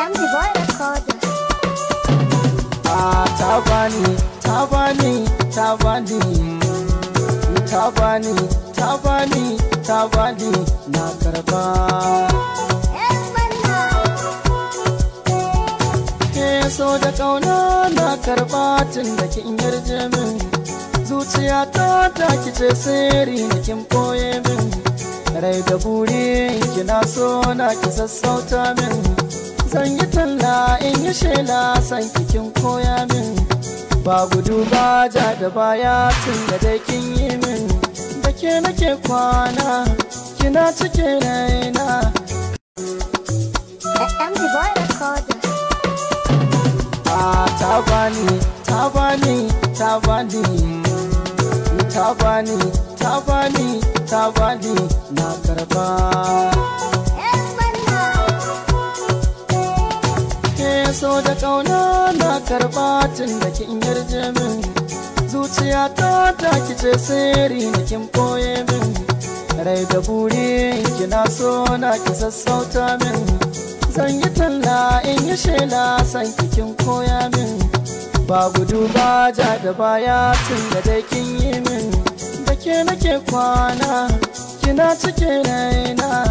Dan Zibo Recorder. Ah, ta bani, ta bani, ta bani. Ta ta bani, ta na karba. so da ƙauna na karba tun da kin yarje min zuciyata ta kice sirri na kin boye min rai da buri kina so ki sassauta min zan yi talla in yi shela san kikin koya min ba gudu ba ja da baya tun da dai kin yi min da ke nake kwana kina cike raina ah, ta bani ta bani ta bani ta bani ta bani ta na karba so da ƙauna na karɓa tun da kin yarje min zuciya ta ta kice sirri da kin koye min rai da buri kina so na ki sassauta min zan yi talla in yi shela san kin koya min ba gudu ba ja da baya tun da dai kin yi min da ke nake kwana kina cike raina